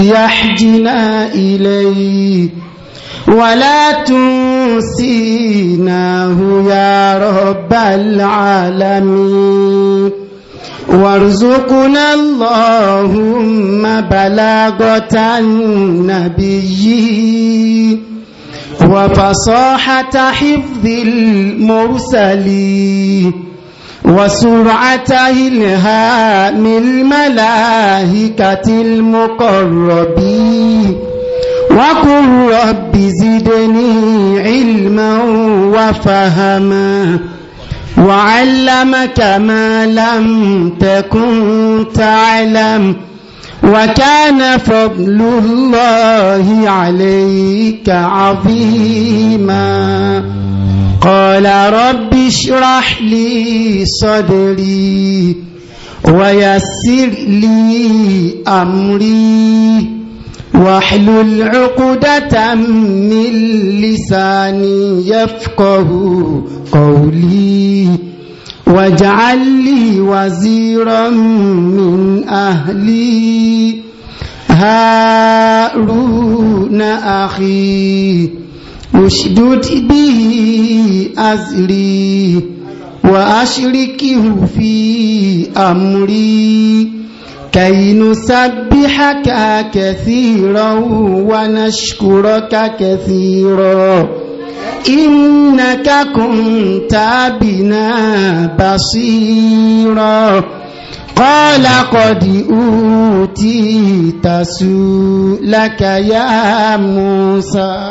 يحجنا إليه ولا تنسيناه يا رب العالمين وارزقنا اللهم بلاغة النبي وفصاحة حفظ المرسلين وسرعة إلهام الملائكة المقربين وقل رب زدني علما وفهما وعلمك ما لم تكن تعلم وكان فضل الله عليك عظيما قال رب اشرح لي صدري ويسر لي أمري واحلل عقدة من لساني يفقه قولي واجعل لي وزيرا من أهلي هارون أخي اشدد به أزري وأشركه في أمري كي نسبحك كثيرا ونشكرك كثيرا إنك كنت بنا بصيرا قال قد أوتيت سؤلك يا موسى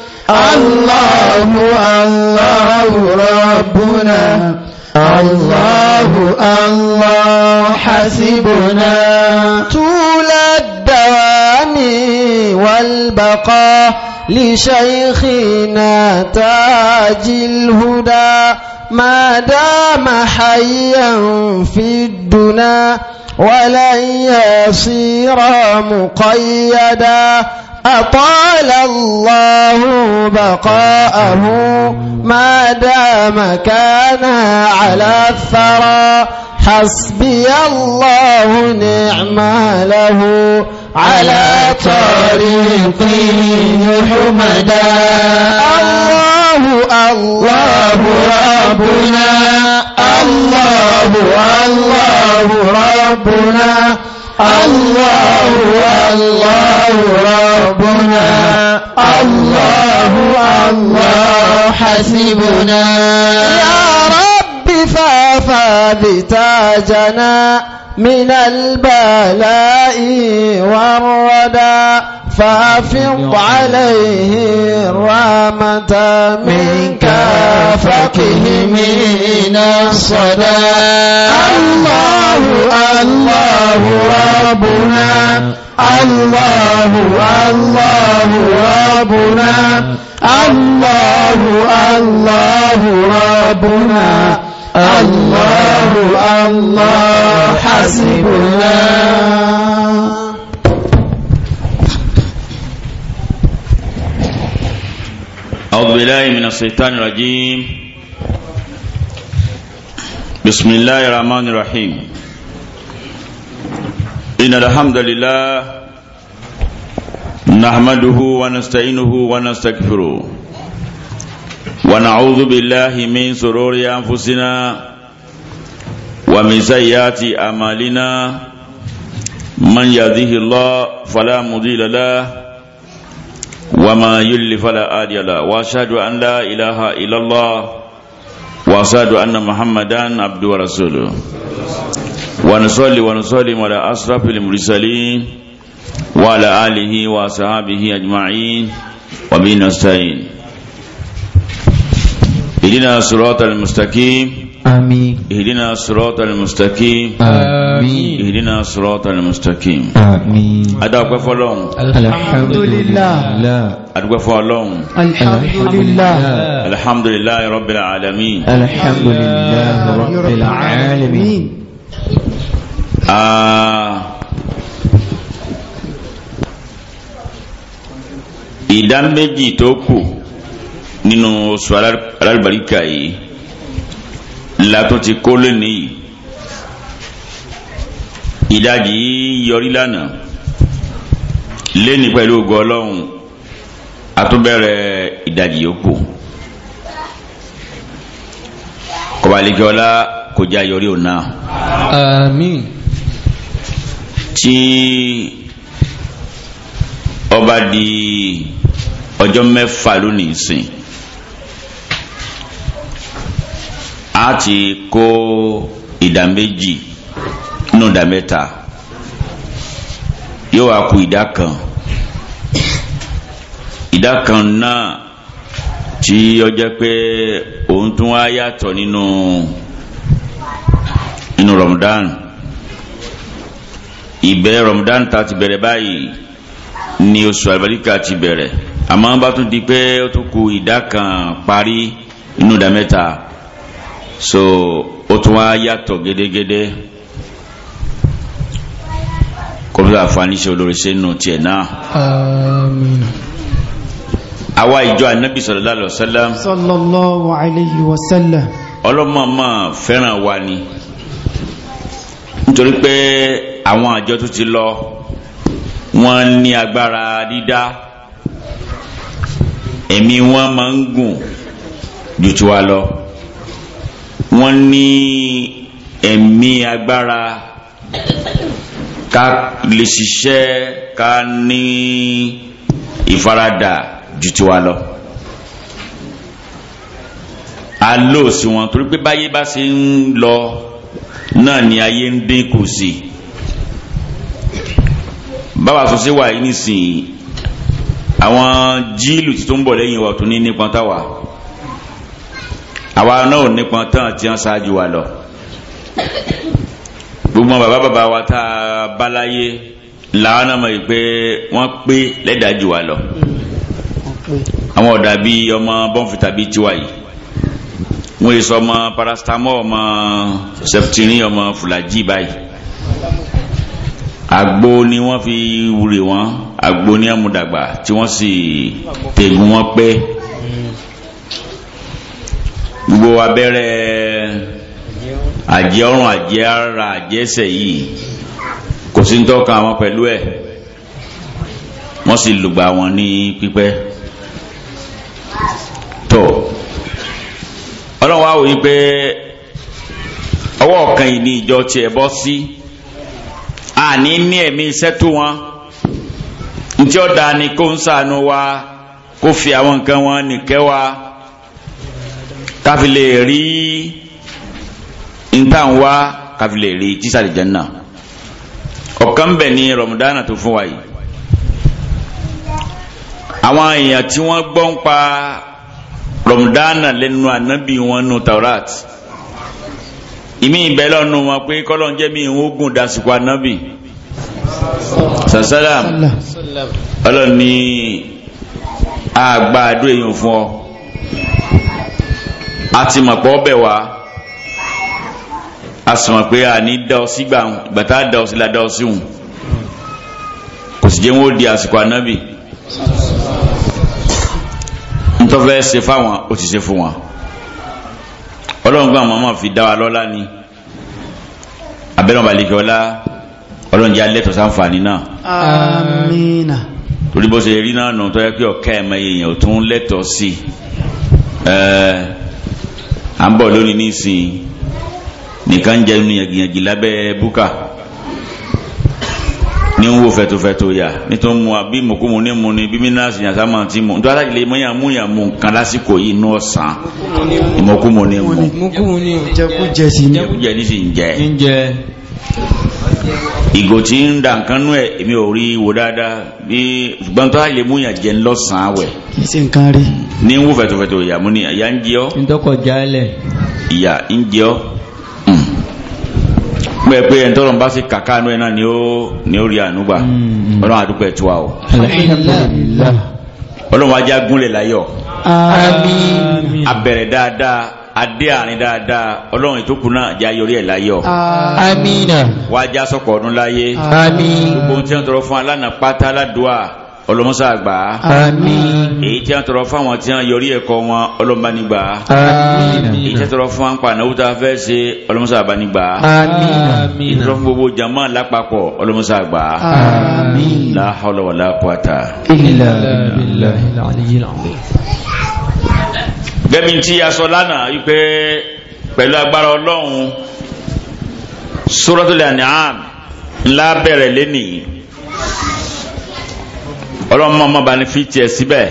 الله الله ربنا الله الله حسبنا طول الدوام والبقاء لشيخنا تاج الهدى ما دام حيا في الدنيا ولن يصير مقيدا أطال الله بقاءه ما دام كان على الثرى حسبي الله نعم له على طريقه حمدا الله الله ربنا الله الله ربنا الله الله ربنا الله الله حسبنا يا رب فثابتنا من البلاء والردى فافق عليه رحمة منك فقه من الصلاة الله الله ربنا الله الله ربنا الله الله ربنا الله الله حسبنا أعوذ بالله من الشيطان الرجيم بسم الله الرحمن الرحيم إن الحمد لله نحمده ونستعينه ونستغفره ونعوذ بالله من سرور أنفسنا ومن سيئات أعمالنا من يهده الله فلا مضل له وما يل فلا هادي له واشهد ان لا إله إلا الله واشهد ان محمدا عبده ورسوله ونصلي ونسلم على اشرف المرسلين وعلى آله وصحابه أجمعين وبه نستعين اهدنا الصراط المستقيم آمين اهدنا الصراط المستقيم آمين اهدنا الصراط المستقيم آمين أدعوك فالون الحمد لله أدعوك فالون الحمد لله الحمد لله رب العالمين الحمد لله رب العالمين ìdá méjì tó kù nínú oṣù alálùbáríkà yìí látó ti kó lónìí ìdajì yọrí lánàá leni pẹ̀lú ògo ọlọ́run àtúbẹ̀rẹ̀ ìdajì yòókù kọ̀bálẹ́jọ́lá kò já yọrí òun náà. àmín. tí ọba di ọjọ́ mẹ́fà lónìí sìn. a ti kó ìdá méjì nínú ìdá mẹ́ta yóò wá ku ìdá kan ìdá kan náà tí ó pé òun tún wá yàtọ̀ nínú nínú Ramadan ìbẹ̀rẹ̀ Ramadan ta ti bẹ̀rẹ̀ báyìí ni oṣù àlùbáríkà ti bẹ̀rẹ̀ àmọ́ bá tún di pé ó tún ku ìdá kan parí nínú ìdá mẹ́ta so ó tún wá yàtọ̀ gédégédé kóbílà àǹfààní ṣe olórí sínú tiẹ̀ náà. àmín. ìjọ anabi sallallahu alaihi wasallam. sallallahu alaihi wasallam. ọlọ́mọọmọ fẹ́ràn wa ni nítorí pé àwọn àjọ tó ti lọ wọ́n ní agbára dídá ẹ̀mí wọn máa ń gùn ju tiwa lọ wọ́n ní ẹ̀mí agbára ká lè ṣiṣẹ́ ká ní ìfaradà ju tiwa lọ alóòsì wọn torí pé báyé bá ṣe ń lọ náà ni ayé ń dín kù sí bàbá sọ sí wàyí nísìnyí àwọn jíìlù tí ń bọ̀ lẹ́yìn wa tó ní nípa táwa àwa náà ò nípọn tán tí wọ́n ṣáájú wa lọ gbogbo bàbá bàbá wa tá a bá láyé làwọn náà mọ̀ yìí pé wọ́n pé lẹ́dàájú wa lọ àwọn ọ̀dà bíi ọmọ bọ́ǹfìtà bíi tiwa yìí wọ́n yìí sọ ọmọ parastamọ́ ọmọ sẹpitirin ọmọ fùlàjì báyìí àgbo ni wọ́n fi wúre wọn àgbo ni wọ́n mú dàgbà tí wọ́n sì tẹ̀gùn wọn pẹ́. gbogbo abẹ́rẹ́ àjẹ́ ọrùn àjẹ́ ara àjẹ́ ẹsẹ̀ yìí kò sí ń tọ́ka wọn pẹ̀lú ẹ̀ wọ́n sì lùgbà wọn ní pípẹ́ tó ọlọ́run wá wòye pé ọwọ́ ọ̀kan yìí ni ìjọ tiẹ̀ bọ́ sí àní ní ẹ̀mí iṣẹ́ tó wọn ntí ọ̀dà ni ko ń sànú wa kó fi àwọn nǹkan wọn nìkẹ́ wa. káfi lè rí nta ń wá káfi lè rí tísàlì jẹ́nà ni rọ̀mùdánà tó fún wa yìí àwọn èèyàn tí wọ́n gbọ́ ń pa rọ̀mùdánà lẹ́nu ànábì wọn nù taurat ìmí ìbẹ́ lọ́nu wọn pé kọ́lọ́n jẹ́ mi ìhun ogun dasìkò ànábì sàsálàm ọlọ́ni àgbà àdó èèyàn fún ọ. Ati ti mọ̀ pọ̀ bẹ̀ wá a sì mọ̀ pé a ní da ọ sí gbà gbàtà da ọ sí la da ọ sí hùn kò sì jẹ́ wọn di àsìkò ànábì ntọ́fẹ́ ṣe fáwọn ó ti ṣe fún wọn ọlọ́run gbọ́n àwọn ọmọ fi dá wa lọ́lá ni abẹ́rẹ́ balẹ̀kẹ́ ọlá ọlọ́run jẹ́ alẹ́ tó sáǹfààní náà. amiina. torí bó ṣe rí náà nù tó yẹ kí ọ̀ka ẹ̀mọ èèyàn ò tún lẹ́tọ̀ọ́ sí i à ń bọ̀ lónìí nísìnyí nìkan jẹ́ inú yàgìyànjì lábẹ́ búkà ní wo fẹ̀tòfẹ̀tò yà nítorí mu àbí mòkúmu ní mu ni bíbí náà sì yàtá máa ti mu nítorí alájìlẹ̀ mọ́ yàn mú yàn mú nǹkan lásìkò yìí ní ọ̀sán mòkúmu ní mu. mòkúmu ní jẹkújẹ sí ni. jẹkújẹ ní sì ń jẹ. ń jẹ ìgò tí ń da nǹkan nú ẹ̀ èmi ò rí wo dáadáa bí ṣùgbọ́n tó àlè mú yàn jẹ ńlọ́sàn-án wẹ̀. kì í ṣe nǹkan rí. ní ń wò fẹ̀tọ̀fẹ̀tọ̀ ìyàmú ni ìyá ń jẹ ọ́. ntọ́kọ̀ jálẹ̀. ìyá ń jẹ ọ́ hmm. pẹ́ pé ẹni tọ́lọ̀ ń bá sí kàkà inú ẹ̀ náà ni ó ni ó rí ànúgbà hmm. ọlọ́run àdúpẹ́ tiwa o. ọlọ́run ajá gúnlẹ̀ láyọ̀. àmín. abẹ̀rẹ̀ dáadáa adé àárín dáadáa ọlọ́run ìtókù náà jẹ́ ayọrí ẹ̀ láyọ̀. amina. wàá já sọ̀kọ̀ ọdún láyé. àmín. gbogbo tí wọ́n tọrọ fún alánà pátá aládùá ọlọ́mọsá àgbà. àmín. èyí tí wọ́n tọrọ fún àwọn tí wọ́n yọrí ẹ̀kọ́ wọn ọlọ́mọbanigba. èyí tí wọ́n tọrọ fún àǹpa ànáwó tá a fẹ́ ṣe ọlọ́mọsá àbanigba. àmín. èyí fún gbogbo jama gẹ́mi tí a sọ lánàá wípé pẹ̀lú agbára ọlọ́run Suratul An'am ńlá bẹ̀rẹ̀ lẹ́nìí ọlọ́run ọmọ bá ní fi tiẹ̀ síbẹ̀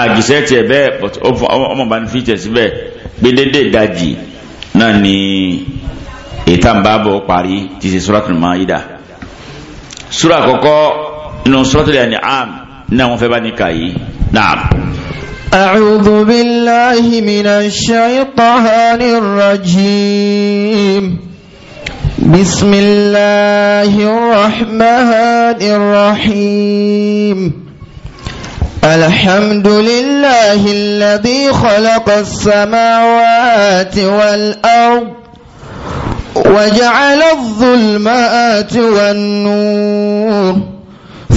àgìsẹ́ tiẹ̀ bẹ́ẹ̀ ọmọ bá ní fi tiẹ̀ síbẹ̀ gbẹdẹdẹ ìdajì náà ni ètà ń parí ti ṣe Suratul Maida sura àkọ́kọ́ nínú Suratul An'am náà wọ́n fẹ́ bá ní kàyí náà. أعوذ بالله من الشيطان الرجيم بسم الله الرحمن الرحيم الحمد لله الذي خلق السماوات والأرض وجعل الظلمات والنور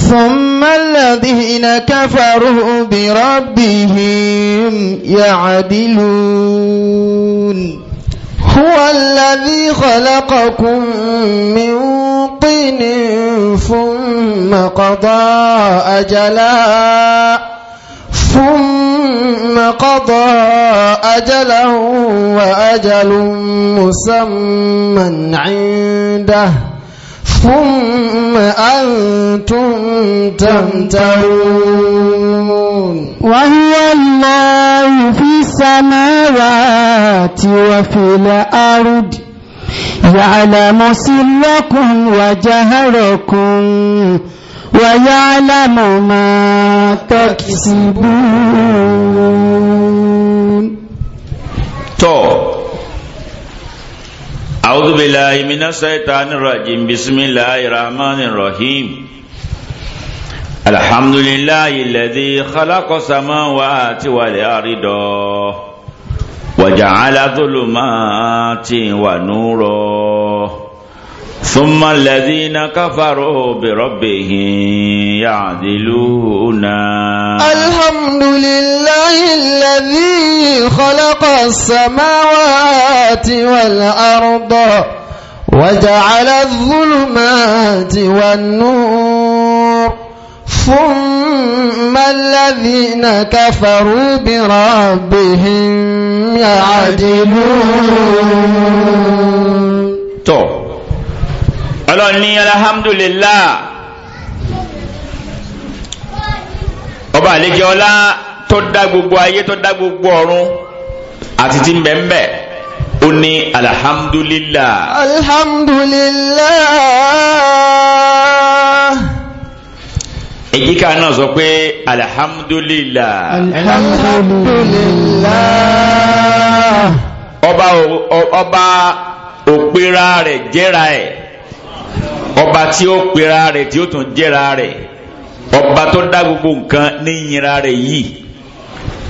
ثم الذين كفروا بربهم يعدلون هو الذي خلقكم من طين ثم قضى أجلا ثم قضى أجلا وأجل مسمى عنده ثم أنتم تمترون وهو الله في السماوات وفي الأرض يعلم سركم وجهركم ويعلم ما أعوذ بالله من الشيطان الرجيم بسم الله الرحمن الرحيم الحمد لله الذي خلق السماوات والأرض وجعل ظلمات ونورا ثم الذين كفروا بربهم يعدلون الحمد لله الذي خلق السماوات والأرض وجعل الظلمات والنور ثم الذين كفروا بربهم يعدلون ọlọ́run ní alhamdulillah ọba àlejò ọlá tó dá gbogbo ayé tó dá gbogbo ọ̀run àti ti mbẹ̀mbẹ̀ ó ní alhamdulillah. alhamdulillah èyíká náà sọ pé alhamdulillah alhamdulillah ọba ọba òpera rẹ̀ jẹ́ra ẹ̀ ọba tí ó pera rẹ̀ tí ó tún jẹ́ra rẹ̀ ọba tó dá gbogbo nǹkan ní ìyìnra rẹ̀ yìí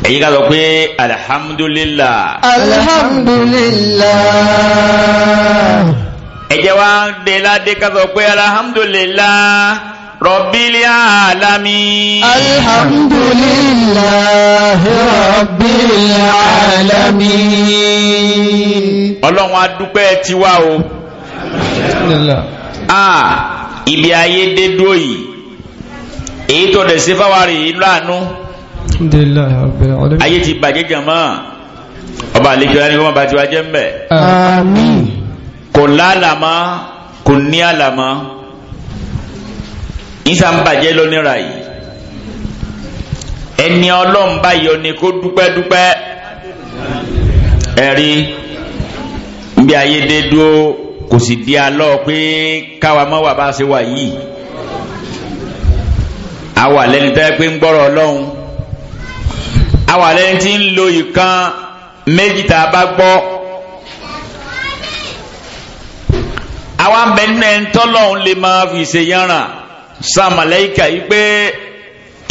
èyí ká sọ pé alihamudulilaa. alihamudulilaa. ẹ jẹ́ wá ń de ládé ká sọ pé alihamudulilaa rọ̀bílì àlámí. alhamdulillahi rọ̀bílì àlámí. ọlọ́run adúpẹ́ tiwa o. alhamdulilayi ah ibi ayé dé dúró yìí èyí tó dẹ̀ sí fáwárì yìí lánú ayé ti bàjẹ́ jàmọ́ ọba àlejòlá ní kọ́mọba tí wàá jẹ́ mbẹ́ àmín kò lálàmá kò ní àlàmá ìsà ń bàjẹ́ lónìra yìí ẹni ọlọ́run báyìí ni kó dúpẹ́ dúpẹ́ ẹ̀rí bí ayé dé dúró kò sì di alọ́ pé káwa má wà bá ṣe wà yìí àwa lẹ́ni tẹ́ pé ń gbọ́rọ̀ ọlọ́run àwa lẹ́ni tí ń lo ìkan méjì tá a bá gbọ́ àwa ń bẹ nínú ẹni tọ́lọ́run lè máa fi ṣe yánra sàmàlẹ́yìká yìí pé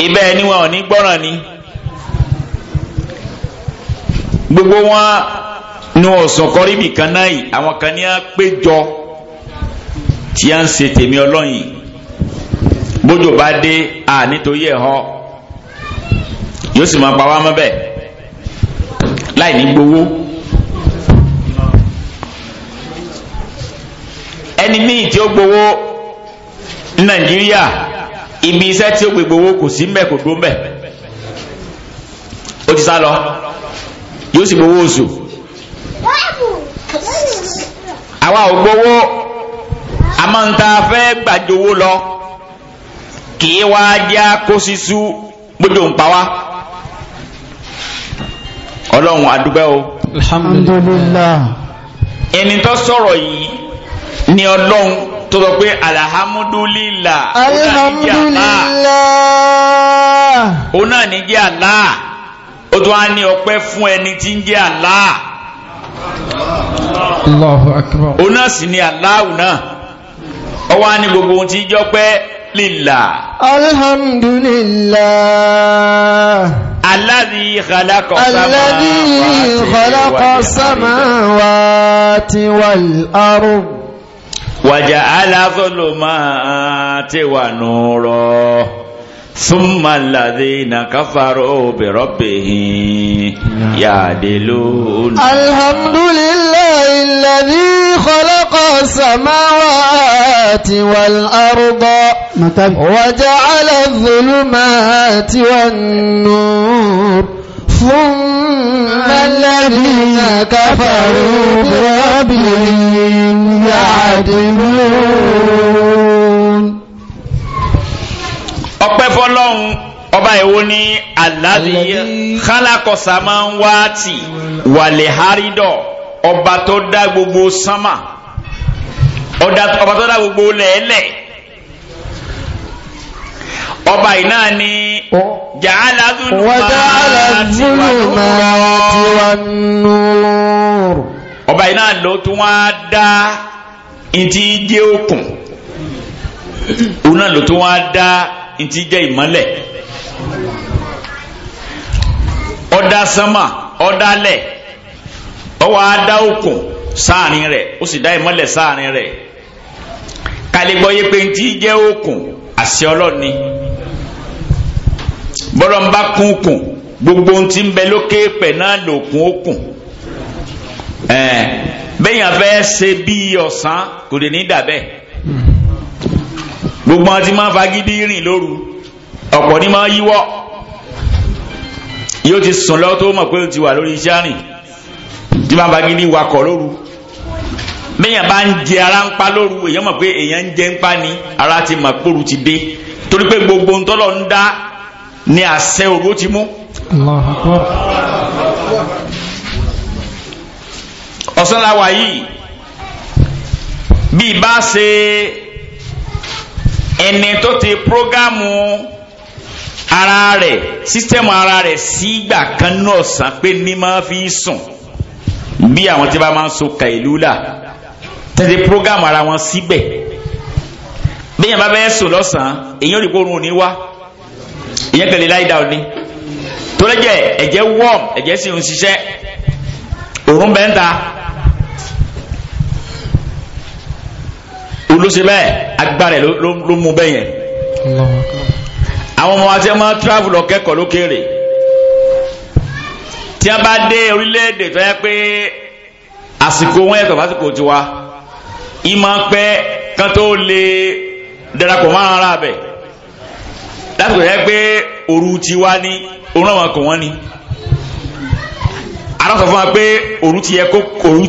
ibẹ̀ ni wọn ò ní gbọ́ràn ni gbogbo wọn ní ọ̀sán kọ́ríbì kan náà yìí àwọn kan ní á péjọ tí a ń ṣe tèmi ọlọ́yìn bójú bá dé à nítorí ẹ̀ họ yóò sì máa pa wá mọ́bẹ̀ láì ní gbowó. ẹni míì tí ó gbowó ní Nàìjíríà ibi iṣẹ́ tí ó gbé gbowó kò sí mbẹ̀ kò gbó mbẹ̀ ó ti sá lọ yóò sì gbowó oṣù àwa ò gbowó àmọ́ ń ta fẹ́ gbàjowó lọ kì í wá já kó gbójú ń pa ọlọ́run adúgbẹ́ o. alhamdulillah. ẹni tó sọ̀rọ̀ yìí ni ọlọ́run tó sọ pé alhamdulillah. alhamdulillah. òun náà ní jẹ́ Allah ó tún á ní ọpẹ́ fún ẹni tí ń jẹ́ Allah. Allahu akbar. ó náà sì ni Allahu náà ó wá ní gbogbo ohun tí jọ pé lillah. alhamdulillah. الذي خلق الذي خلق السماوات والأرض وجعل ظلمات ونورا summa alladhina kafaru bi rabbihim ya'dilun. alhamdulillahi alladhi khalaqa as-samawati wal arda wa ja'ala adh-dhulumati wan-nur thumma alladhina kafaru bi rabbihim ya'dilun ọpẹ́ fọ́lọ́run ọba èwo ni aláàbí kálákọ̀sá máa ń wá tì wàlẹ̀ hárídọ̀ ọba tó dá gbogbo sánmà ọba tó dá gbogbo lẹ́ẹ̀lẹ̀ ọba yìí náà ni jàálà zulu máa ọba yìí náà ló tún wá dá ìdíje òkun òun náà ló tún wá dá. ntí ti jẹ́ ìmọ́lẹ̀ ọ̀dà sánmà ọ̀dà lẹ̀ ọwọ́ adá òkun sáàrin rẹ̀ ó sì dá ìmọ́lẹ̀ sáàrin rẹ̀ kálígbọ́ yé pé jẹ́ òkun àṣẹ ọlọ́ni gbogbo ntí ń bẹ lókè pẹ̀ náà lòkun òkun gbogbo àti máa fagídí rìn lóru ọ̀pọ̀ ní máa yíwọ́ yóò ti sùn lọ tó mọ̀ pé o ti wà lórí iṣẹ́ rìn tí máa fagídí wakọ̀ lóru bẹ́yàn bá ń jẹ ara ń pa lóru èèyàn mọ̀ pé èèyàn ń jẹ ń pa ni ara ti mọ̀ pòru ti dé torí pé gbogbo ntọ́lọ̀ ń dá ni àṣẹ òru ti mú. ọ̀sán la wà yìí bí ibà ṣe ẹni tó ti prógámù ara rẹ̀ sísítẹ́mù ara rẹ̀ sígbà kan náà sàn pé ní máa fi sùn bí àwọn tí bá máa ń so kàìlúlà tẹ̀lé prógámù ara wọn síbẹ̀ bí yẹn bá bẹ́ẹ̀ sùn lọ́sàn-án èyí ò rí kórun òní wá ìyẹn kẹlẹ́ láì dá òní tó lẹ́jẹ̀ ẹ̀jẹ̀ wọ́ọ̀m ẹ̀jẹ̀ sì ń ṣiṣẹ́ òórùn bẹ́ẹ̀ ń ta. ló ṣe bẹ́ẹ̀ agbára ló mú bẹ́ẹ̀ yẹn àwọn ọmọ wa tí wọ́n máa travel lọ kẹ́kọ̀ọ́ lókèèrè tí wọ́n bá dé orílẹ̀-èdè tó yẹ pé àsìkò wọn yàtọ̀ fásìkò tiwa ìmọ̀ pẹ́ kan tó lè darapọ̀ mọ́ ara bẹ̀ lásìkò yẹ pé òru tiwa ní òun náà wọn kò wọ́n ni aláṣọ fún wa pé òru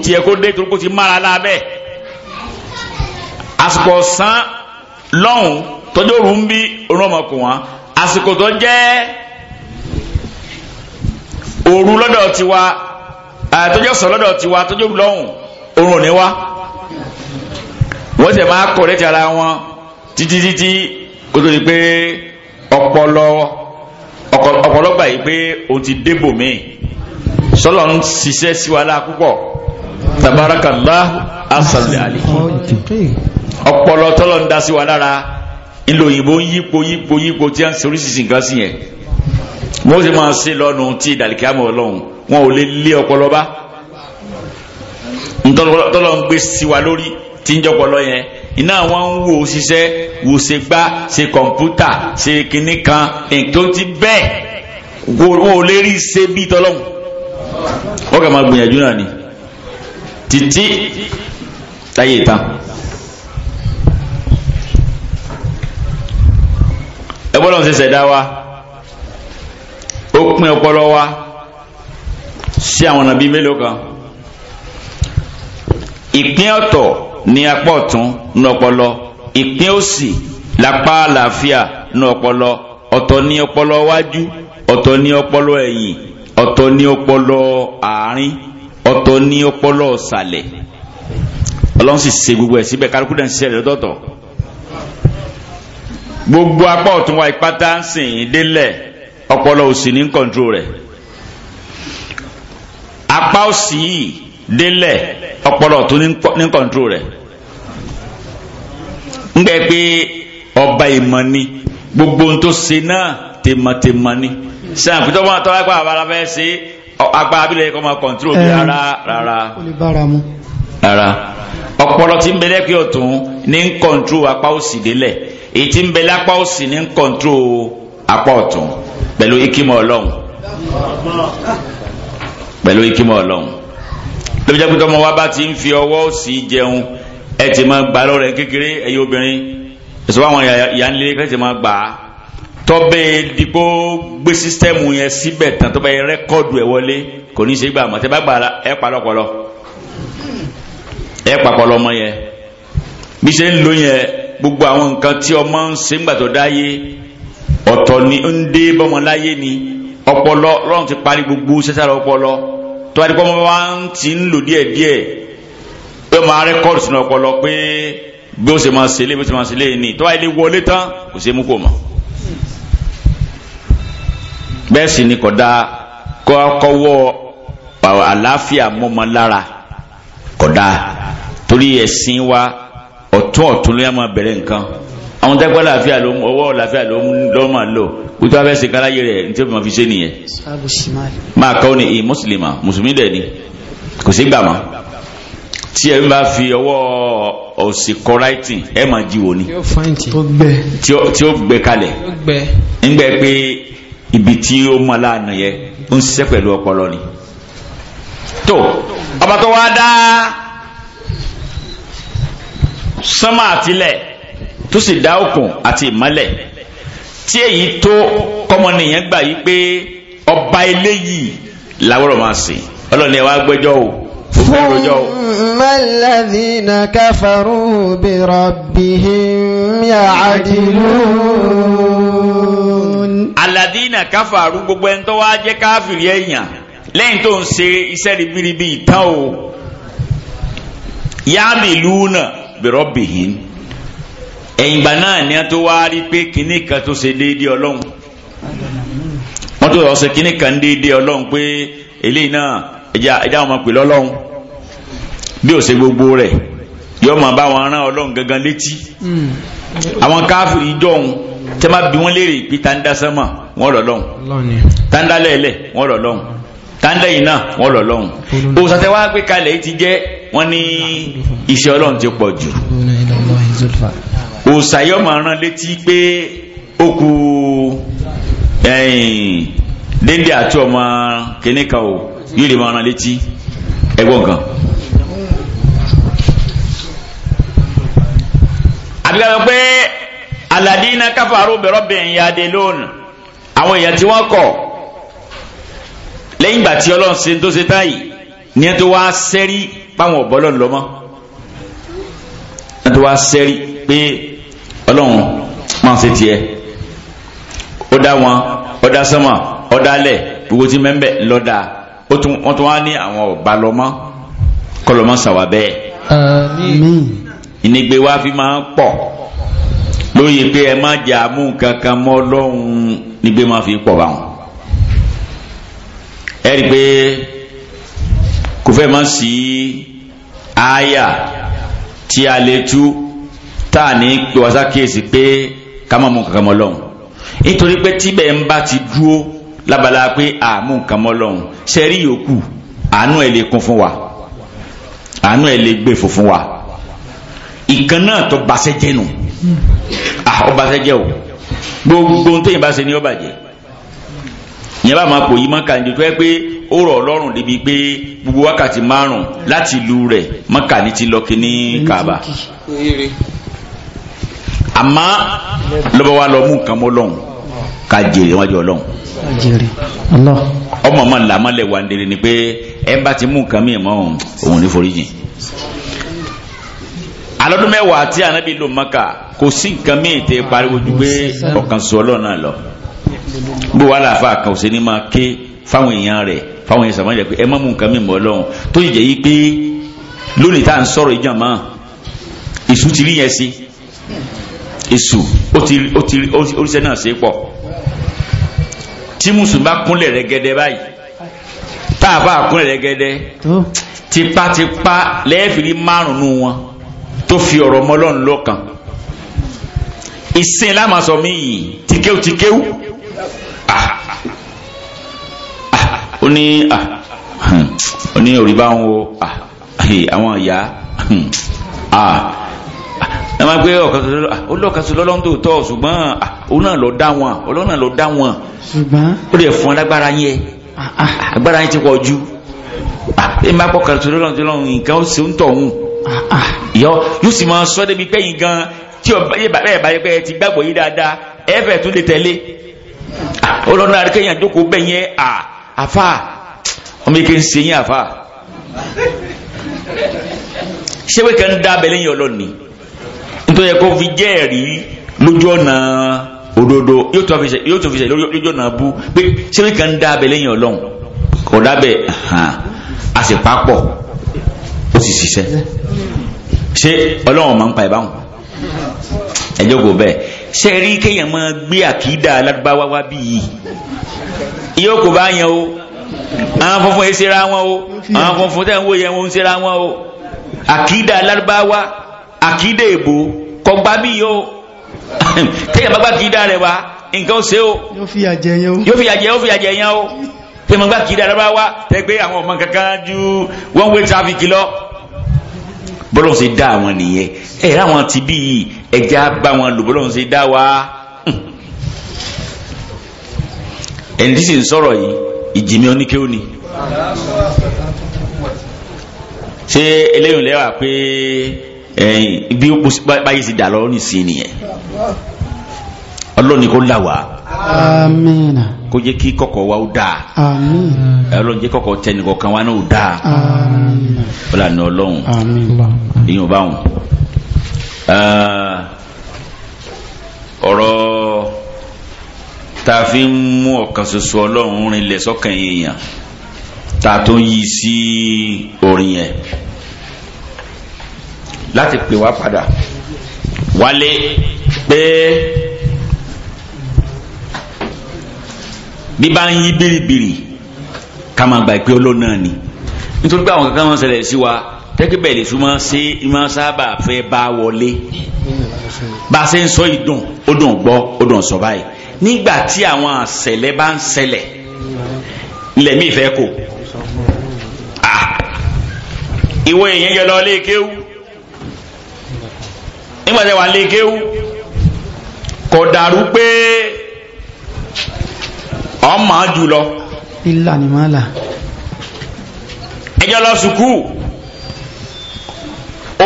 ti yẹ kó dé torí kó ti mára lábẹ́ àsìkò ọ̀sán lọ́hùn tọ́jú òru ń bí òru ọmọkùn wọn àsìkò tó jẹ́ òru lọ́dọ̀ tiwa tọ́jú ọ̀sán lọ́dọ̀ tiwa tọ́jú òru lọ́hùn òru ò ní wá wọ́n sì máa kọ̀ lẹ́tì wọn títí títí kó tó di pé ọpọlọ ọpọlọ gbà yìí pé ti débò míì sọlọ ń ṣiṣẹ́ síwájú púpọ̀ tabarakallah asàlẹ̀ àlè ọpọlọ tọ́lọ̀ ń dá sí wa lára ńlò òyìnbó ń yípo yípo yípo tí a ń ṣe oríṣiríṣi nǹkan sí yẹn wọ́n sì máa ṣe lọ́nu tí ìdàlìkí àmọ́ ọlọ́run wọn ò lè lé ọpọlọ bá ntọ́lọ́ ń gbé sí wa lórí tí ń jọpọlọ yẹn iná wọn ń wo ṣiṣẹ́ wò ṣe gbá ṣe kọ̀ǹpútà ṣe kinní kan nǹkan ti bẹ́ẹ̀ wọn ò lè rí ṣe bí tọ́lọ́hún wọ́n kà máa gbìyànjú náà ni títí láyé ìta ẹgbọ́dọ̀ ṣe ṣẹ̀dá wa ó pín ọpọlọ wa sí àwọn ọ̀nà bíi mélòó kan ìpín ọ̀tọ̀ ní apá ọ̀tún ní ọpọlọ ìpín òsì lápá àlàáfíà ní ọpọlọ ọ̀tọ̀ ní ọpọlọ wájú ọ̀tọ̀ ní ọpọlọ ẹ̀yìn ọ̀tọ̀ ní ọpọlọ àárín ọ̀tọ̀ ní ọpọlọ ọ̀sàlẹ̀ ọlọ́run sì ṣe gbogbo ẹ̀ síbẹ̀ kálukú dẹ̀ ń ṣiṣẹ́ rẹ̀ lọ́tọ̀ọ̀tọ̀ gbogbo apá ọ̀tún wa ìpátá ń sìn délẹ̀ ọpọlọ òsì ní kọ̀ǹtró rẹ̀ apá òsì yìí délẹ̀ ọpọlọ ọ̀tún ní kọ̀ǹtró rẹ̀ ń gbẹ pé ọba ìmọ̀ ni gbogbo ohun tó ṣe náà tèmọ̀tèmọ̀ ni sàn pé tọ́wọ́n tọ́wọ́ pé àwọn fẹ́ ṣe agbára abilẹ̀ kọ́ máa control bí rárá rárá rárá ọpọlọ tí ń bẹ lẹ́kẹ́ ọ̀tún ní ń kọ̀ntró apá òsì délẹ̀ èyí tí ń bẹ lápá òsì ní ń kọ̀ntró apá ọ̀tún pẹ̀lú ikímọ̀ ọlọ́run pẹ̀lú ikímọ̀ ọlọ́run lóbi jẹ́ pé tọ́mọ wa bá ti ń fi ọwọ́ òsì jẹun ẹ ti máa gbà lọ́rẹ̀ kékeré ẹ̀yin obìnrin ẹ̀sọ́ àwọn ìyá ńlẹ́ kẹ́tì máa gbà á tọ́bẹ̀ dìgbò gbé sísítẹ́mù yẹn síbẹ̀ tán tọ́bẹ̀ rẹ́kọ́dù ẹ̀ wọlé kò ní í ṣe gbà mọ́ tẹ́ bá gbà ẹ pa lọ́pọ̀lọ́ ẹ pa pọ̀lọ́ ọmọ yẹn bí ṣe ń lò yẹn gbogbo àwọn nǹkan tí ọmọ ń ṣe ńgbà tó dáyé ọ̀tọ̀ ni ń dé bọ́mọ láyé ni ọpọlọ lọ́run ti parí gbogbo sẹ́sàrà ọpọlọ tó bá dé pọ́nmọ́ wa ti ń lò díẹ̀ díẹ̀ pé máa rẹ́kọ́dù sínú ọpọlọ pé bí ó ṣe máa ṣe lé bí ó ṣe máa ṣe lé ni tó bá yẹ lé wọlé tán kò ṣe é mú kó mọ́. bẹ́ẹ̀ sì ni kọ̀dá kọ́kọ́wọ́ àlàáfíà mọ́mọ́lára lára torí ẹ̀sìn wa ọ̀tún ọ̀tún ló yà máa bẹ̀rẹ̀ nǹkan àwọn tẹ́gbọ́n láàfíà ló ọwọ́ làáfíà ló lọ́ máa lò abẹ́ ní tí fi máa nìyẹn. máa kọ́ ni mùsùlùmá mùsùlùmí dẹ̀ ni kò sí gbàmọ́ tí ẹ máa jí ni tí ó gbẹ kalẹ̀ ibi tí ó mọ láàánú yẹ ń ṣiṣẹ́ pẹ̀lú ọpọlọ ni. tó ọba tó wá dá sánmà àtilẹ̀ tó sì dá òkun àti ìmọ́lẹ̀ tí èyí tó kọ́mọnìyàn gbà yí pé ọba eléyìí làwọ̀rọ̀ máa sìn ọlọ́ni ẹ̀ wá gbẹ́jọ́ o mọ̀lẹ́dínà káfàrú bí rọ̀bìhìm yà aladina kafaru gbogbo ẹni tó wá jẹ́ káfìrí ẹ̀yàn lẹ́yìn tó ń ṣe iṣẹ́ ribiribi ìtàn o yamiluna birobbihin ẹ̀yìn gbà náà ni a tó wá rí pé kinní kan tó ṣe déédéé ọlọ́run wọ́n tó ọ̀sẹ̀ kinní kan déédéé ọlọ́run pé eléyìí náà ẹja ẹja wọn máa pè lọ́lọ́run bí ó ṣe gbogbo rẹ̀ yóò máa bá wọn rán ọlọ́run gangan létí hmm. àwọn káfìrí jọ̀hún tẹ́ máa bí wọ́n léèrè bí tá ń dá sánmà wọ́n rọ̀ lọ́hùn tá ń dá lẹ́ẹ̀lẹ̀ wọ́n rọ̀ lọ́hùn tá ń dá iná wọ́n rọ̀ lọ́hùn òòsàn tẹ́ wá pé kalẹ̀ yìí ti jẹ́ wọ́n ní iṣẹ́ ọlọ́run ti pọ̀ jù òòsàn yóò létí pé ó kù àti ọmọ kìnnìkan o yóò lè máa rán létí ẹgbọ́n kan. àbíkà pé aladina kafaru bi rabbin yadilun àwọn èèyàn tí wọ́n kọ̀ lẹ́yìn ìgbà tí ọlọ́run ṣe tó ṣe táyì ní ẹni tó wá sẹ́rí páwọn ọ̀bọ lọ́nà lọ́mọ́ ẹni tó wá sẹ́rí pé ọlọ́run máa ṣe tiẹ̀ ó dá wọn ó dá sánmà ó dá lẹ̀ gbogbo tí mẹ́mbẹ̀ lọ́dà wọ́n tún wá ní àwọn ọ̀bà lọ́mọ́ kọ́ lọ́mọ́ sàwà bẹ́ẹ̀. ìnigbé wa fi máa ń pọ̀ lóye pé ẹ má jà mú kankan mọ́ lọ́hùn nígbè má fi pọ̀ báwọn ẹ rí i pé kò fẹ́ má sí àyà tí a lè tú tá a ní pé wàsá kíyèsí pé ká má mú kankan mọ́ lọ́hùn nítorí pé tíbẹ̀ ń bá ti dúró lábala pé àmú nǹkan mọ́ lọ́hùn sẹ́rí yòókù àánú ẹ̀ lè kún fún wa àánú ẹ̀ lè gbé fún fún wa ìkan náà tó baṣẹ́ jẹ́nu ọba ah, fẹ́ jẹ́ o gbogbo ntẹ́yìn bá ṣe ní ọba jẹ́ yẹn bá máa pò yí mọ́kà ní tó yẹ pé ó rọ̀ ọlọ́run débi pé gbogbo wákàtí márùn láti ìlú rẹ̀ mọ́kà ní ti lọ kí ní kaaba àmọ́ lọ́ba wa lọ mú nǹkan mọ́ lọ́hùn ká jèrè wájú ọlọ́hùn ọmọ ọmọ làmọ́lẹ̀ wà ń dèrè ni pé ẹ bá ti mú nǹkan mìíràn òun ní foríjìn alọ́dún mẹ́wàá tí anabi lò maka kò sí nǹkan míì tẹ pariwo ju pé ọ̀kan sọ ọlọ́run náà lọ bó wàhálà àfa kan ò sí ní máa ké fáwọn èèyàn rẹ̀ fáwọn èèyàn sàmájà pé ẹ má mú nǹkan míì mọ́ ọlọ́run tó yẹ yí pé lónìí tá à ń sọ̀rọ̀ ìjàmá èṣù ti rí yẹn sí èṣù ó ti ó oríṣẹ́ náà ṣe pọ̀ tí mùsùlùmí bá kúnlẹ̀ rẹ̀ gẹ́dẹ́ báyìí tá a bá kúnlẹ̀ rẹ̀ gẹ́dẹ́ tipátipá lẹ́ẹ̀fì ní márùn-ún wọn tó fi ọ̀rọ̀ mọ́lọ́n lọ́kàn ìsìn lámàsọ mi yìí tìkéwù tìkéwù ah, ah, ah, ó ní hmm, ó ní òrí bá ń wo àwọn ìyá hmm, ẹ máa gbé ọlọ́kasọ lọ́lọ́n tó tọ́ ṣùgbọ́n òun náà lọ dá wọn ọlọ́run náà lọ dá wọn ó lè fún alágbára yẹn agbára yẹn ti pọ̀ ju ẹ máa pọ̀ kàtó lọ́lọ́n tó lọ́run nǹkan ó sì ń tọ̀ ọ̀hún yóò sì máa sọ débi pẹ́yìn gan tí bẹ́ẹ̀ bá yẹ pé ẹ ti gbàgbọ́ yìí dáadáa ẹ fẹ́ tún lè tẹ̀lé ọlọ́run àti kẹ́yìn àjókòó bẹ́ẹ̀ yẹn àfa ọmọ ike ń se yín àfa ṣé wẹ́ẹ́ kẹ́ ń dá abẹ́lẹ́ yẹn ọlọ́ni nítorí ẹ kó fi jẹ́ ẹ̀rí lójú ọ̀nà òdodo yóò tún fi ṣe lójú ọ̀nà bú pé ṣé wẹ́ẹ́ kẹ́ ń dá abẹ́lẹ́ yẹn ọlọ́run kò dábẹ́ àṣepapọ̀ ó ti ṣiṣẹ́ ṣé ọlọ́run máa ń pa ẹ̀ báwọn ẹjọ́ kò bẹ́ẹ̀ ṣe rí kéèyàn máa gbé àkídà aládùbáwá wá bí yìí yóò kó bá yẹn o àwọn funfun yẹn ṣera wọn o àwọn funfun tẹ̀ ń wò yẹn wọn ń ṣera wọn o àkídà aládùbáwá àkídà èbó kọgbá bí yìí o kéèyàn bá gbá àkídà rẹ̀ wá nǹkan ó ṣe o yóò fi àjẹ o yóò fi àjẹ yẹn o tẹmọgbà kìí dára bá wá tẹgbẹ́ àwọn ọmọ kankan ju one way traffic lọ bọ́lọ́n ṣe dá àwọn nìyẹn ẹ̀ láwọn ti bí ẹja bá wọn lò bọ́lọ́n ṣe dá wa ẹni tí sì ń sọ̀rọ̀ yìí ìjìmí oníkéwò ni ṣé eléyìí lẹ́wà pé bí báyìí sì dà lọ́rùn sí nìyẹn ọlọ́ni kò là wá. amiina kó jẹ́ kí kọ̀kọ̀ wa ó dáa àmín ọlọ́run jẹ́ kọ̀kọ̀ tẹ nìkan kan wa náà ó dáa àmín ọlọ́run àná ọlọ́run àmín bá wọn. ọ̀rọ̀ tá a fi ń mú ọ̀kan ṣoṣo ọlọ́run rinlẹ̀ sọ́kàn èèyàn tá a tó yí sí orin yẹn láti pè wá padà wálé pé. bí bá ń yí biribiri ká máa gbà pé olóòn náà ni nítorí pé àwọn kankan wọn ṣẹlẹ̀ sí wa tẹ́kíbẹ̀lì súnmọ́ sí ìmọ̀ sábà fẹ́ bá wọlé bá a ṣe ń sọ ìdùn ó dùn gbọ́ ó dùn sọ báyìí nígbà tí àwọn àṣẹlẹ̀ bá ń ṣẹlẹ̀ ilẹ̀ mi kò ìwọ èèyàn yẹ lọ léèkéwú nígbà tí wà léèkéwú kò dàrú pé ọmọ jùlọ ẹjọ́ lọ sùkú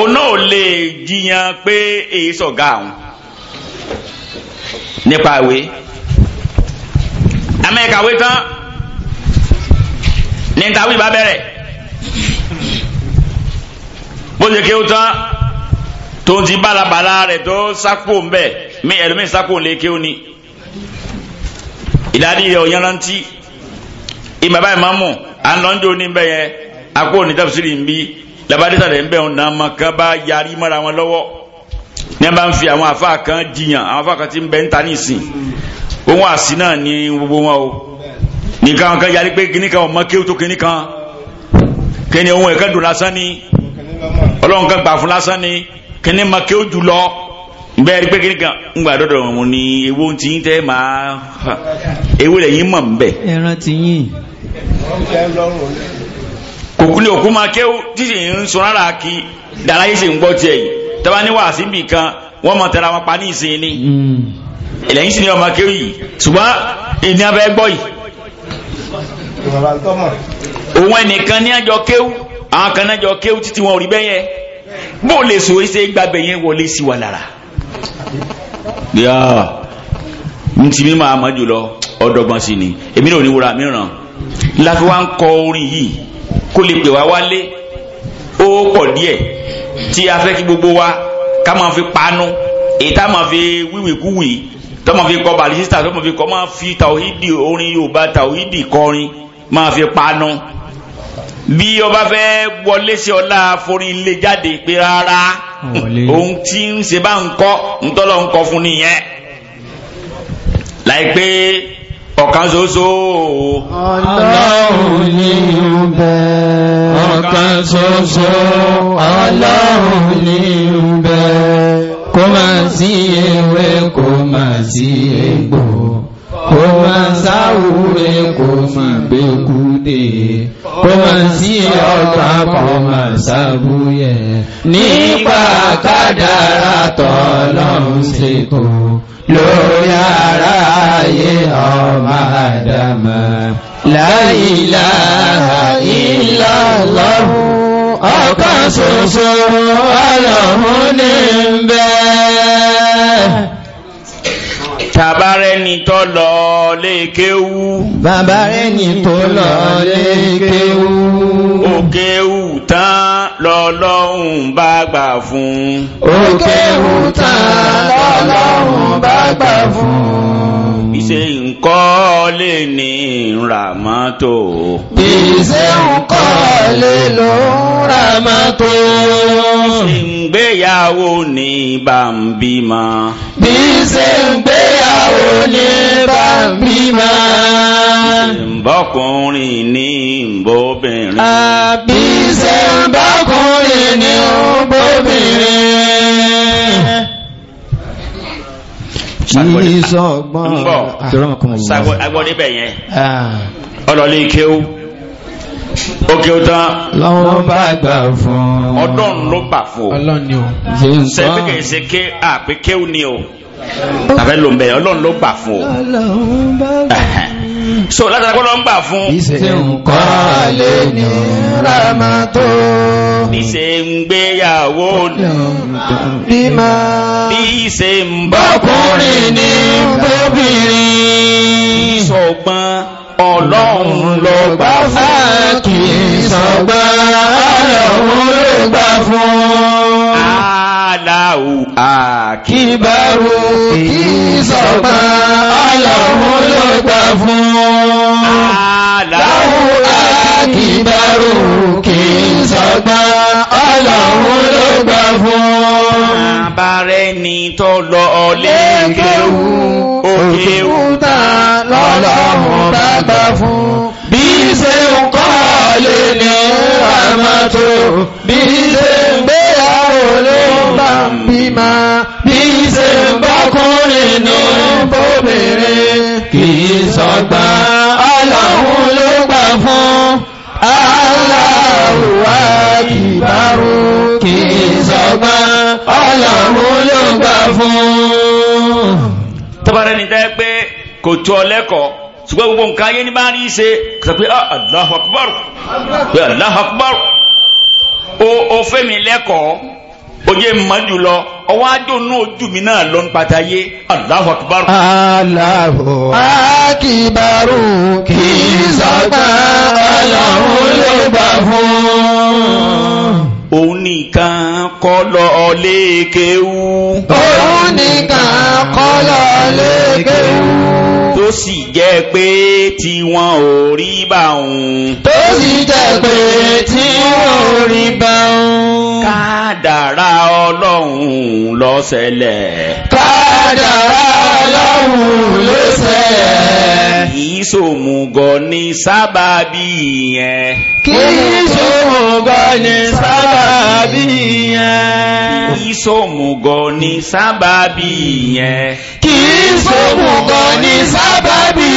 ọ̀nà ò lè jiyàn pé èyí sọ̀gá àwọn nípa ìwé amẹ́kàwé tán ní kàwé ìbá bẹ̀rẹ̀ bó ṣe kí ó tán tó ń ti bálabàla rẹ̀ tó sápò ń bẹ̀ mí ẹ̀lómi sápò ń lè kí ó ìdarí yẹ ọ̀yanrántí ìmọ̀bá ìmọ̀mù à ń lọ ń dò ní bẹ́ẹ̀ yẹn akó ní tafsiri ń bí labadisa rẹ̀ ń bẹ̀ ń nàá mọ̀ kán bá yarí mọ́ra wọn lọ́wọ́ ní a bá ń fi àwọn afa kan jiyàn àwọn afa kan ti ń bẹ ń ta ní ìsìn òun àsìn náà ní gbogbo wọn o nìkan kan yarí pé kìnnìkan ọmọ kéwù tó kìnnìkan kìnnì ohun ẹ̀kẹ́ dùn lásán ni ọlọ́run kan gbà fún lásán ni kìnnì mọ kéwù jù lọ bẹ́ẹ̀ rí pé kí ni kan ń gbà dọ́dọ̀ wọn ni ewu ti yín tẹ́ máa ewu lẹ̀ yín mọ̀ nbẹ̀. ẹran ti yín. kòkú ni òkú máa kéwú tí sì ń sọ rárá kí dara yìí sì ń gbọ́ tiẹ̀ yìí tọ́ba ní wàásù bì kan wọ́n mọ̀ tẹ́ra wọn pa ní ìsìn ni ẹlẹ́yìn hmm. sì ni ọmọ kéwú yìí ṣùgbọ́n ìní abẹ́ gbọ́ yìí. òun ẹnìkan ní àjọ kéwú àwọn kan náà jọ kéwú títí wọn ò rí bẹ́yẹn bó lè sọ èsè gbàgbẹ́ yẹn wọlé sí wa lára yáà ntí mi máa mọ̀ jùlọ ọ̀dọ́gbọ́n sí ni èmi náà ò ní wúra mìíràn láfi wá ń kọ orin yìí kó lè pè wá wálé ó pọ̀ díẹ̀ tí a fẹ́ kí gbogbo wa ká máa fi panu èyí tá máa fi wíwìkúwì tó máa fi kọ bàlísítà tó máa fi kọ máa fi tàwídì orin Yorùbá tàwídì kọrin máa fi panu bí ọba fẹ́ wọlé sí ọlá forí ilé jáde pé rárá ohun tí ń ṣe bá ń kọ́ ntọ́lọ́ ń kọ́ fún nìyẹn láìpẹ́ ọ̀kan ṣoṣo Ọlọ́run ní ìbẹ̀ ọ̀kan ṣoṣo Ọlọ́run ní ìbẹ̀ kò mà sí ewé kò mà sí egbò kò mà sáwúre kò mà gbẹ́kú dé kó mà sí ọgbà kó mà sábúyẹ nípa kádàrá tọ́lọ́run ṣètò lórí ara ayé ọmọ àdámà láìláha ìlàlọ́run ọ̀kan ṣoṣo ọlọ́run ní bẹ́ẹ̀. Tàbárẹ́ni tó lọ léèkéwú. Bàbárẹ́ni tó lọ léèkéwú. Òkéwú tán lọ́lọ́hun bá gbà fún. Òkéwú tán lọ́lọ́hun bá gbà fún. Ìṣe nǹkan lè ní ràmátò. Ìṣe nǹkan lè ló ràmátò. Ìṣèǹgbéyàwó ní bàǹbímọ. Bí ìṣèǹgbéyàwó oníbà bímọ. Ìbọ́kùnrin ní ìbóbìnrin. Àbí ṣe ìbọ́kùnrin ní ìbóbìnrin ìsọgbọ́n agbọ́dé bẹ̀ yẹn ọlọ́lé kéwú ó kéwú tán lọ́wọ́ bá gbà fún ọdún ló bà fún ọ sẹ́fẹ́kẹ̀ẹ́sẹ́ ké àpé kéwú ni o àfẹ́ ló ló gbà fún so látara kọ́ ló ń gbà fún. ìṣe nǹkan lè ní ramato. bí ń gbéyàwó bímọ. bí ṣe ń bọ́kùnrin ní bóbìnrin. sọgbọ́n ọlọ́run ló gbà fún. kì í sọgbọ́n gbà fún aláwò àkíbẹ̀rù kí sọ̀pá aláwò ló gbà fún aláwò àkíbẹ̀rù kí sọ̀pá aláwò ló gbà fún àbárẹ́ ni tó lọ ọlé kéwú òkè òta lọ́lọ́run bá fún bí ṣe ń kọ́ lè ní àmàtò bí ṣe ń gbé láròlé bá ń bímá bí ṣe bọ́kùnrin ní bóbìnrin kì í sọgbà aláhùn ló gbà fún aláwà kìbárò kì í ni tẹ́ pé kò tó ọ lẹ́kọ̀ọ́ ṣùgbọ́n gbogbo nǹkan ayé ní bá rí ṣe kò pé ah, aláhùn pé aláhùn o fẹ́ oye mmadu lọ ọwọ́ ajo nu ojú mi náà lọ nípata yé Allahu Akbar. Allahu Akbar kì í sọgbà Ọlọ́run ló gbà fún òun nìkan kọ́ lọ léèkéwú òun nìkan kọ́ lọ léèkéwú tó sì jẹ́ pé tí wọn ò rí bá òun tó sì jẹ́ pé tí ò rí bá òun kádàrá ọlọ́run ló ṣẹlẹ̀ kádàrá ọlọ́run ló ṣẹ. kìí sòmùgọ̀ ní sábàbí yẹn. kìí sòmùgọ̀ ní sábàbí yẹn. kìí sòmùgọ̀ ní sábàbí yẹn. kìí sòmùgọ̀ ní sábàbí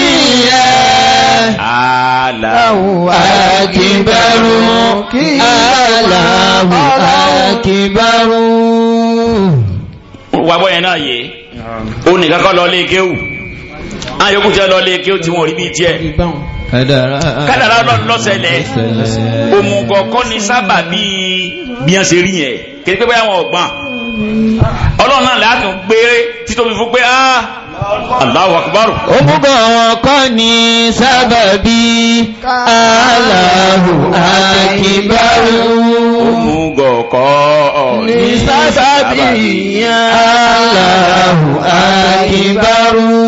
yẹn. Allahu akibaru. Allahu akibaru. Wàbọ̀ yẹn náà yé ó nìkan kọ́ lọ lé kéwù ayọ́kú jẹ́ lọ lé kéwù tí wọ́n rí bí jẹ́ kádàrá lọ́sẹ̀lẹ̀ òmùgọ̀ kọ́ ni sábà bí bí wọ́n ṣe rí yẹn kéde pé báyà wọn ọ̀gbọ́n ọlọ́run náà láàtún gbé títóbi fún pé áá. Ah, Allahu akbar. Ogúgbọ̀ wọn kọ́ ni sábàbí Allahu akibaru. Ogúgbọ̀ kọ́ ni sábàbí Allahu akibaru.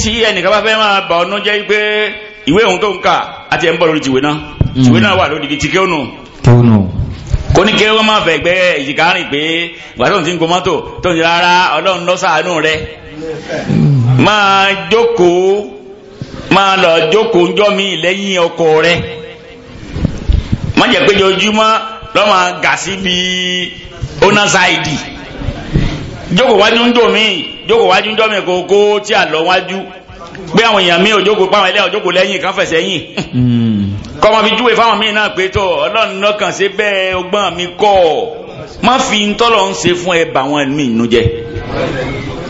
Tí ẹnìkan bá fẹ́ máa bà ọ́nú jẹ́ pé ìwé òun tó ń kà àti ẹ̀ ń bọ̀ lórí tìwé náà. Hmm. Tìwé náà wà lórí ti kéwònù. Kéwònù kò ní kí wọ́n máa fẹ̀ gbẹ́ ìjìká rìn pé ìgbà tó ń ti ń gbọ́ mọ́tò tó ń ti rárá ọlọ́run lọ́sàánú rẹ̀ máa jókòó máa lọ jókòó ńjọ́ mi lẹ́yìn ọkọ rẹ má jẹ́ pé ojoojúmọ́ lọ́ máa gà síbi owner side jókòó wájú ńjọ́ mi jókòó wájú ńjọ́ mi kò kó tí a lọ wájú pé àwọn èèyàn mi ò jókòó pàwọn ẹlẹ́ òjókòó lẹ́yìn kan fẹ̀sẹ̀ yìn hmm. kọ́mọ fi júwe fáwọn míì náà pé tó ọlọ́run náà kàn ṣe bẹ́ẹ̀ ọgbọ́n mi kọ́ ọ má fi ń tọ́lọ̀ ń ṣe fún ẹ bà wọn mí nù jẹ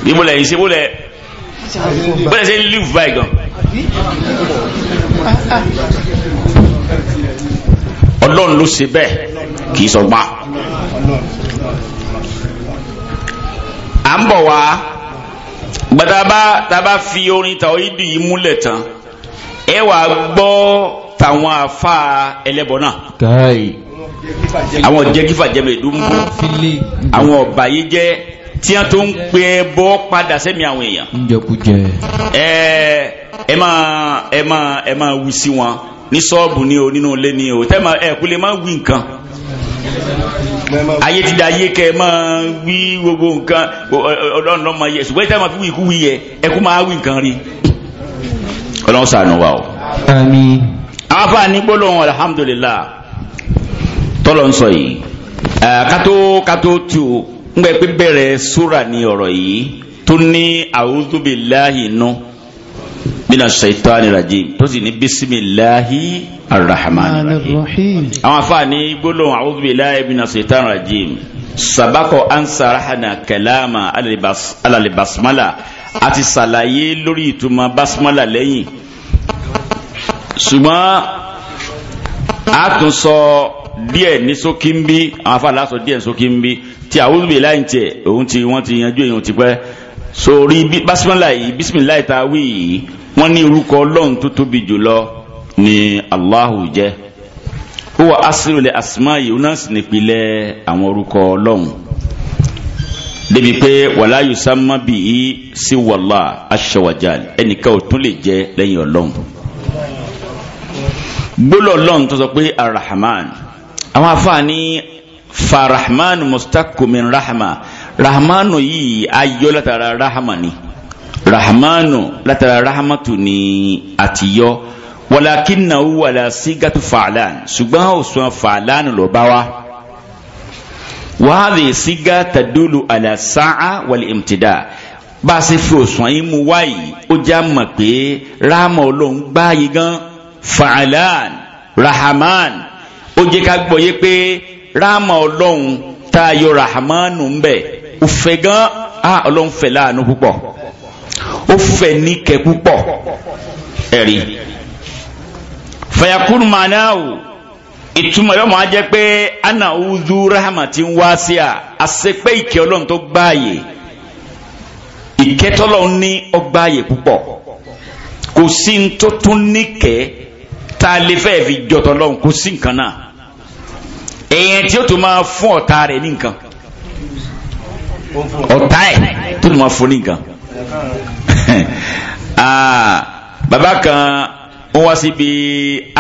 bí mo lẹ̀ yìí ṣe bó lẹ̀ bó lẹ̀ ṣe ń live báyìí gan. ọlọ́run ló ṣe bẹ́ẹ̀ kì í sọgbà. à ń bọ̀ wá gbadaba taba fi orin ta oyidi yìí múlẹ̀ tán ẹ wà gbọ́ tàwọn afa ẹlẹ́bọ̀ náà. àwọn jẹ́ kífà jẹ́ mẹ́ẹ̀ẹ́dógún àwọn ọ̀bà yìí jẹ́ tí a tó ń pè é bọ́ padà sẹ́mi àwọn èèyàn. ń jẹkújẹ. ẹ ẹ máa ẹ máa ẹ máa wí sí wọn ní sọ́ọ̀bù ni o nínú ilé ni o tẹ́ ma ẹ kú lè má wí nǹkan ayé ti da ayé kẹ máa wí gbogbo nǹkan ọlọ́run náà máa yẹ ṣùgbọ́n ìtẹ́ máa fi wí ikú wí yẹ ẹ kú máa wí nǹkan rí ọlọ́run ṣàánú wa o. àmín. àwọn afa ní gbólóhùn alhamdulillah tọ́lọ̀ ń sọ yìí kátó kátó tu ngbẹ pé bẹ̀rẹ̀ sura ni ọ̀rọ̀ yìí tó ní a'udhu billahi nù mina shaitani rajim tó sì ní bisimilahi arrahmani rahim àwọn afaani gbólóhùn a'udhu billahi mina shaitani rajim sabakọ ansarahana kalama alalibasmala àti sàlàyé lórí ìtumọ̀ basmala lẹ́yìn ṣùgbọ́n a tún sọ. So, díẹ̀ ní sókí ń bí àwọn afáàlá sọ díẹ̀ ní sókí ń bí tí àwọn olùbẹ̀ láì tiẹ̀ òun ti wọ́n ti yanjú èèyàn ti pẹ́ sórí bísímìláì bísímìláì ta wí yìí wọ́n ní orúkọ ọlọ́run tó tóbi jùlọ ní Allahu jẹ́ ó wà asírìlẹ̀ asímá yìí òun náà sì nípìnlẹ̀ àwọn orúkọ ọlọ́run débi pé wàlá yusamma bìí sí wàlá aṣọwàjà ẹnìkan ò tún lè jẹ lẹ́yìn ọlọ́run gbólọ̀ ọlọ́run tó sọ pé arahman àwọn àfààní farahman mustaku min rahma rahmanu yìí ayọ látara rahma ni rahmanu látara rahmatu ni àtiyọ walakinna wala sigatu fa'lan ṣùgbọ́n ó sọ fa'lan ló bá wa wàhálì siga tadulu ala sa'a wal imtida bá a ṣe fi òsùn yìí mu wáyìí rahma olóhùn gbáyé gan fa'lan rahman. ó jẹ́ ká gbọ́ yé pé ráàmà ọlọ́run yọ ràhámánù ń bẹ̀ ó fẹ́ gan á ọlọ́run fẹ́ láàánú púpọ̀ ó fẹ́ níkẹ́ púpọ̀ ẹ̀rí fayakun manawu ìtumọ̀ yọmọ á jẹ́ pé ana uzu rahmatin wasi'a àṣepé ìkẹ́ ọlọ́run tó gbáàyè ìkẹ́tọ́lọ́ ní ọgbáàyè púpọ̀ kò sí ní èèyàn tí ó tún máa fún ọ̀tá rẹ̀ ní nǹkan ọ̀tá ẹ̀ tó tún máa fún ní nǹkan. Ah, bàbá kan wọ́n wá síbi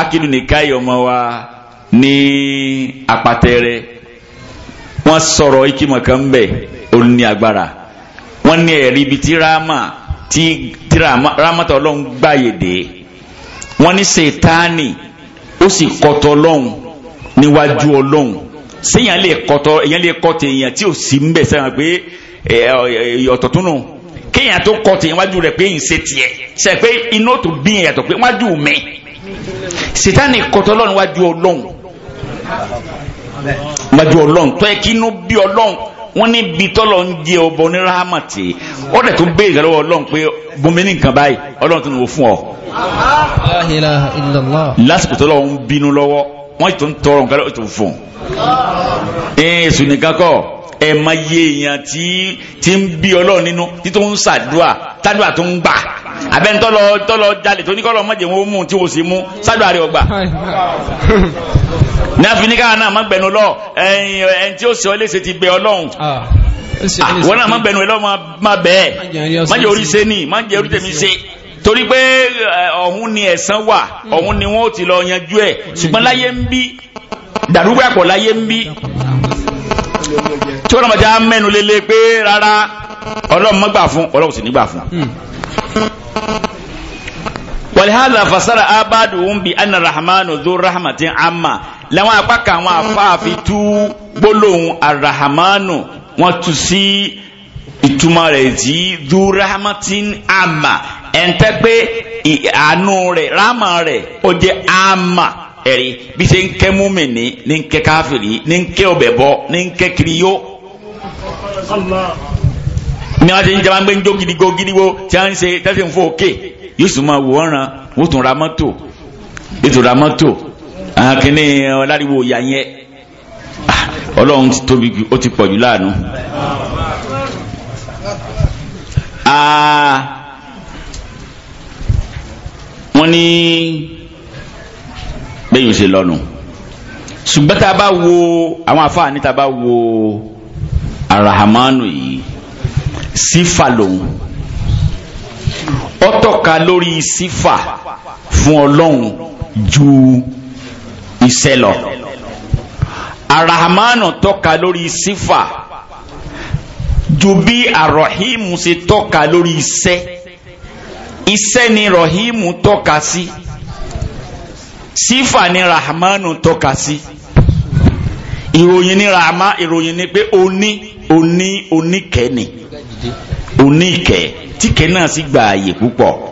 akíndùn nìkáyì ọmọ wa ní apatẹ́rẹ́ wọ́n sọ̀rọ̀ ikimọ̀ kan ń bẹ̀ òun ní agbára wọ́n ní ẹ̀rí ibi tí ráàmà tí ráàmà tó ọlọ́run dé wọ́n ní sètáàní ó sì kọ́tọ̀ ọlọ́run níwájú ọlọ́run séèyàn lè kọ́tọ́ èèyàn lè kọ́ tèèyàn tí ò sí ń bẹ̀ sẹ́yìn pé ọ̀tọ̀ tún nù kéèyàn tó kọ́ tèèyàn wájú rẹ̀ pé ń ṣe tiẹ̀ sẹ́yìn pé iná tó bí yẹn yàtọ̀ pé wájú mi sitani kọ́tọ́ lọ́run wájú ọlọ́run wájú ọlọ́run tó yẹ kí inú bí ọlọ́run wọ́n ní bí tọ́lọ̀ ń jẹ ọbọ ní rahamati ó dẹ̀ tó béèrè lọ́wọ́ ọlọ́run pé bùnmi ní nǹkan báyìí ọlọ́run tó ń wò fún ọ. lásìkò tọ́lọ̀ ń bínú lọ́wọ́ wọ́n tún tọrọ nǹkan lọ́tún fún ẹ sùnìkan kọ ẹ máa yé èèyàn tí tí ń bí ọlọ́run nínú tí tó ń ṣàdúà tádùà tó ń gbà abẹ́ ń tọ́lọ tọ́lọ jalè tó ní kọ́lọ́ mọ̀jẹ̀ wọn ó mú tí wọ́n sì mú ṣàdúà rẹ̀ ọgbà ní àfiníkà náà má gbẹnu lọ ẹyin ẹyin tí ó sọ léṣe ti bẹ ọlọ́run ah, ah, wọn náà má gbẹnu lọ má bẹ́ẹ̀ má jẹ́ orí ṣe ni má jẹ́ orí tèmi ṣe torí pé eh, ọ̀hún ni ẹ̀san wà ọ̀hún ni wọ́n ti lọ yanjú ẹ̀ ṣùgbọ́n láyé ń bí dàrúgbàpọ̀ láyé ń bí tí wọ́n lọ́mọdé á mẹ́nu lélẹ̀ pé rárá ọlọ́run mọ́ gbà fún ọlọ́run sì ní gbà fún. Hmm. wàlíhàlà fasara abadu ń bi anna rahmanu dhu rahmatin amma làwọn apá kan àwọn afáàfi tú gbólóhùn arahamanu wọn tú sí ìtumọ̀ rẹ̀ tí dhu rahmatin amma ẹ̀ńtẹ́ pé àánú rẹ̀ rámà rẹ̀ ó jẹ́ àmà ẹ̀rí bí ṣe ń kẹ́ múmìnì ní ń kẹ́ káfìrí ní ń kẹ́ ọbẹ̀ bọ́ ní ń kẹ́ kiri yó. ní wọ́n ti ń jẹ́ wọn gbé ń jó gidigo gidigo tí wọ́n ń ṣe tẹ́sí ń fò òkè yóò sì máa wò ọ́ràn wọ́n tún ra mọ́tò ètò ra mọ́tò kínní ọ̀làdìwò ìyá yẹn ah, ọlọ́run ti tóbi ó ti pọ̀ jù láàánú. Ah, wọ́n ní bẹ́yìn ṣe lọ́nu ṣùgbọ́n tá a bá wo àwọn àfáàní tá a bá wo arahamanu yìí sífà lòun ó tọ́ka lórí sífà fún ọlọ́run ju iṣẹ́ lọ arahamanu tọ́ka lórí sífà ju bí arahimu ṣe tọ́ka lórí iṣẹ́ iṣẹ́ ni rahimu tọ́ka sí sífà ni rahmanu tọ́ka sí ìròyìn ni rahma ìròyìn ni pé oní oní oníkẹ́ ni oníkẹ́ tíkẹ́ náà sì gba àyè púpọ̀.